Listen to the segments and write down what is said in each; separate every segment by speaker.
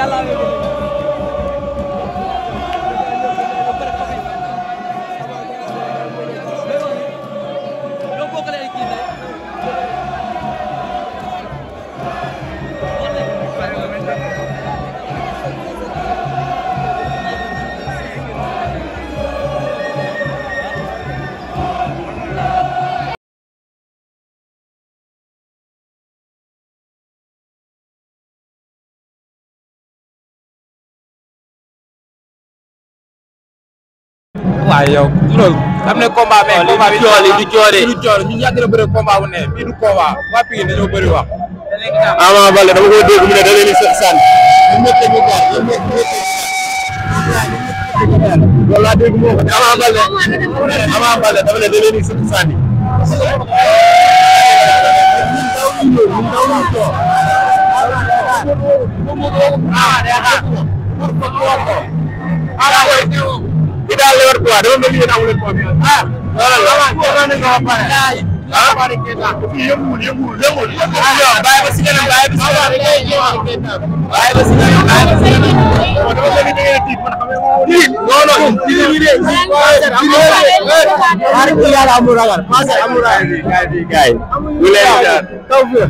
Speaker 1: jàllale waaye yow loolu. xam ne combat bi combat bi du coole du coole ñun yàgg na bëre combat bu ne bii du combat waa Pikine dañoo bëri wax. Ama Baldé dama ko dégg mu ne da leen di sànni. ñu métti ñu quoi ñu métti loolu laa dégg moo ko ne Ama Baldé Ama Baldé dafa ne da leen di sànni. ah ci daal li war poids dama mel ni yéen amuleen confiance. ah loolu la waaw waaw ah yënguwul yënguwul yënguwul. ah bàyyi ba si kanam bàyyi ba si kanam. bàyyi ba si kanam bàyyi ba si kanam. waaw dama bëgg da ngeen di tiit man xam nga moom. tiit non non tiit yi de. waaw yàlla amul ragal. amul ragal. gars yi gars yi. ñu leen di jaar taw bi la.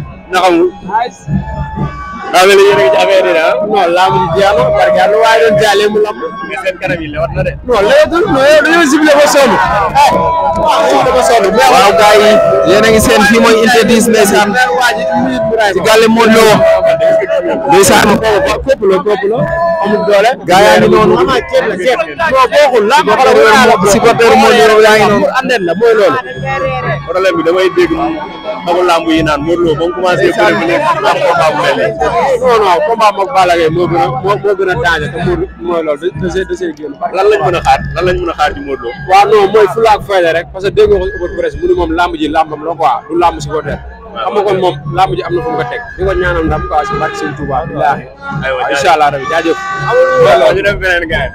Speaker 1: daa mel ni a ngi ci affaire yi daal. Ah. non laamu ji jeex na parce que lu waay doon jaalee mu lamb. mais seen kanam yi eh, a ngi seen fii mooy interdit ndeysaan ci gàlle Modou Lo ndeysaan képp la képp la amul doole. gaa yaa ngi noonu. non bokkul laa ma xalaat supporter Modou Lo yaa ngi noonu. problème damay dégg magu lamb yi naan Modou Lo ba mu commencé bëre bu nekk am combat bu mel nii non non combat moog Balla Gaye moo gën a moo a lan lañ mën a xaar lan lañ mën a xaar ci Modou Lo waaw mooy fulla ak fayda rek parce que dégg nga ko ëppat presse mu ne moom lamb ji lambam la quoi du lamb supporter xam nga kon moom lamb ji am na fu mu ko teg di ko ñaanal ndam quoi si barke sëñ Touba billaahi aywa incha allah rabi jaajëf ñu def beneen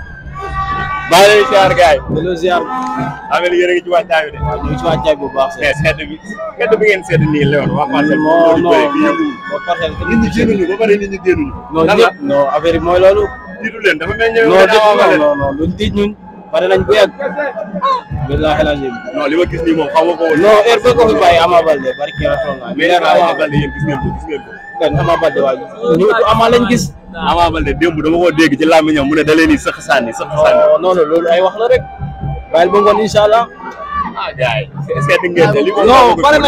Speaker 1: maa ngi lay ziar gars yi. delloo ngi lay ci de. ngi ci wàccaay bu baax. mais sedd bi sedd bi ngeen sedd nii la woon. waa parcelle non non nit ñi génnuñu ba pare nit ñi génnuñu. lan la non affaire bi mooy loolu. tiitu leen dafa mel ni. non non luñ li ma gis nii moom xaw ma ko woon. non heure boo fi bàyyi Ama Baldé barki Rasulullah. mais Ama Baldé yéen gis ngeen ko gis ngeen ko. gis. Ama Baldé démb dama ko dégg ci làmmiñam mu ne da leen di sëq sànni sëq sànni. non non wax la rek. bàyyil ba ngoon incha allah. ah ngeen li ko non pare ah,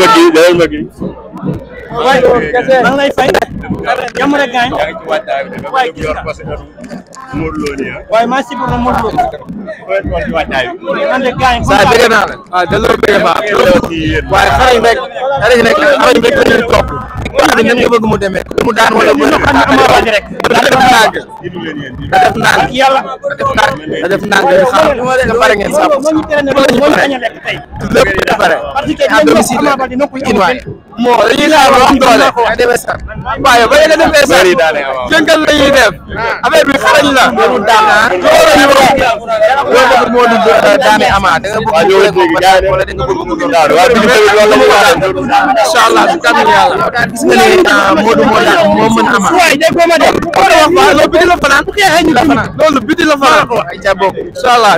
Speaker 1: ma kii jëlal ma kii waay man lay fay. jàmm rek gaañ. waay gis nga ah. waay maa si bëgg Modou Lo. man de gaañ. saa bëgg naa la waaw ah, delloo bëgg naa la. waaye xarañ rek wax nan nga bëgg mu demee mu daan wala mu def rek da def naag da def naag yàlla da def naag da xam nga pare ngeen sa lépp da pare à domicile la in waay moo dañuy xaar ba am doole nga demee sa waaye ba nga demee sa jëngal la ñuy def affaire bi xarañ la mu daan ah, loolu ñu wax loolu moo di daane amaat da nga bëgg mu wala da nga bëgg mu daan waaye bi ñu tamit loolu la mu daan inshallah du kanam yàlla que ne Modou moo daan moo mën a amaat. waaye dégg ma de. loolu biti la fanaan loolu la fanaan loolu biti la fanaan. incha allah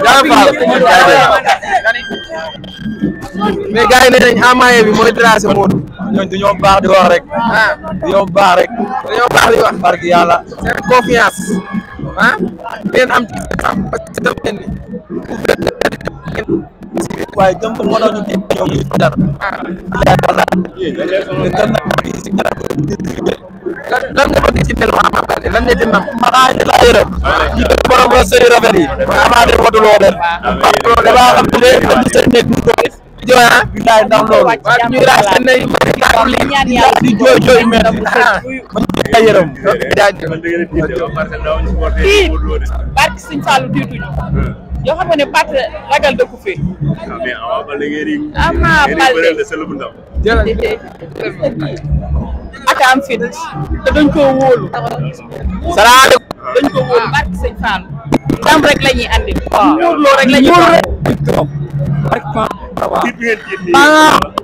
Speaker 1: mais gars yi ne nañ amaye bi mooy tracé Modou. ñooñu dañoo baax di wax rek. ah dañoo baax rek. dañoo baax di wax. barki yàlla. seen confiance. ah ngeen am ci am parce que waaye gëm ko moo tax ñu tey yow ñu dara leer wala kan na bi si garab lan nga bëgg ci melu Ama Baldé lan nga ci nam xanaa ñu laa yërëm ñu def borom la sëy rafet yi amaate watuloo def parce que damaa xam ne léegi dañu sa nekk ñu koy jooy ah. bilaay ndax loolu ñu raas seen nay ma di tàggu li di jooy jooy mel ma ñu laa yërëm jaajëf barke Sëñ Fallu tiituñu yoo xam ne Pathé ragal dëkku fi. ah mais Awa Baldé ngeen di. Ama am fit te wóolu. salaamaaleykum. dañ ko wóolu barke sëñ Fall. rek la ñuy andi. waaw muurloo rek la ñuy. muurloo rek.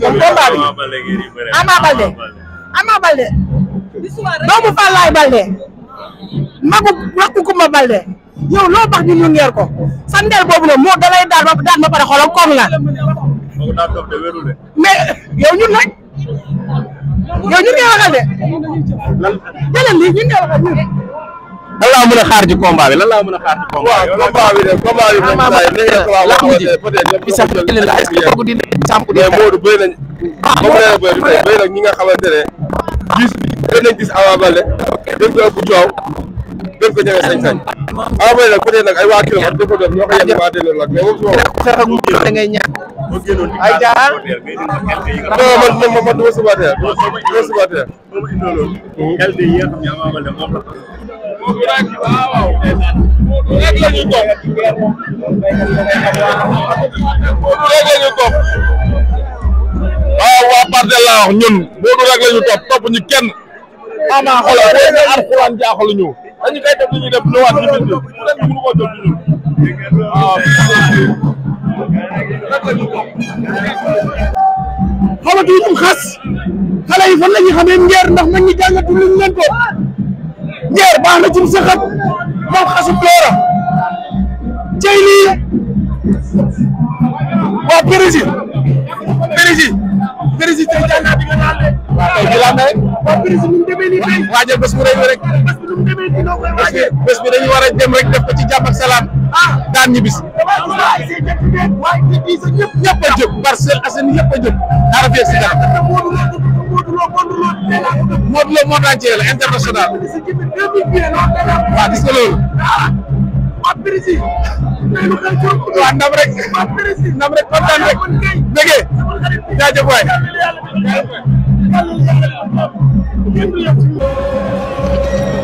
Speaker 1: kon combat bi Ama Baldé Ama Baldé doomu Fallaye Baldé magu rakku Kumba Baldé yow loo bax ñun ñu ko sa boobu noonu moo dalay daal ma pare xolam koŋ la mais ñun nag yow ñun ngay waxal de jëlal lii ñun ngay waxal ñun lan laa mën a xaar ci combat bi lan laa mën a xaar ci combat bi. waaw combat bi de combat bi moom saa yi la laamu ji isaaf di leen laaj kooku di leen sàmp di leen mais Modou bëri nañ. ah moom la bëri bëri nag ñi nga xamante ne gis gën nañ gis Ama Baldé gën ko ëpp coow gën ko ñëwee sañ-sañ. Ama Baldé nag peut-être nag ay waa kilo ñoo ko yenn waa delloo nag mais moom su ma ko. xeex ak mu da ngay ñaan. ay jaar non man man man du ma subaatee du ma subaatee. Modou rek waaw waaw Modou rek ñu topp Modou rek la ñu topp waaw waa Parcelles laa wax ñun Modou rek la topp topp ñu kenn ama xoolal boo ne alxuraan jaaxalu ñu dañu koy def li ñuy def ñu bind len mënu ko jot ñu topp xamatuñu xas xale yi fan la ñu xamee ngeer ndax man ñi jàngatu topp njeer baax na cim saxat moom xasum doora cey lii waa Pérési Pérési Pérési tey jàll naa di nga de waaw tey jii laa waa Pérési nu mu demee nii tey waajal bés bu rëy rek bés rek def ko ci jàpp daan ñu bis waaye ñëpp ñëpp a jóg Parcelles Assainies ñëpp a jóg Modou Lo monde entier la international. waaw gis nga loolu. waaw ndam rek ndam rek kontaan rek bëggee jaajëf waay. Thank you.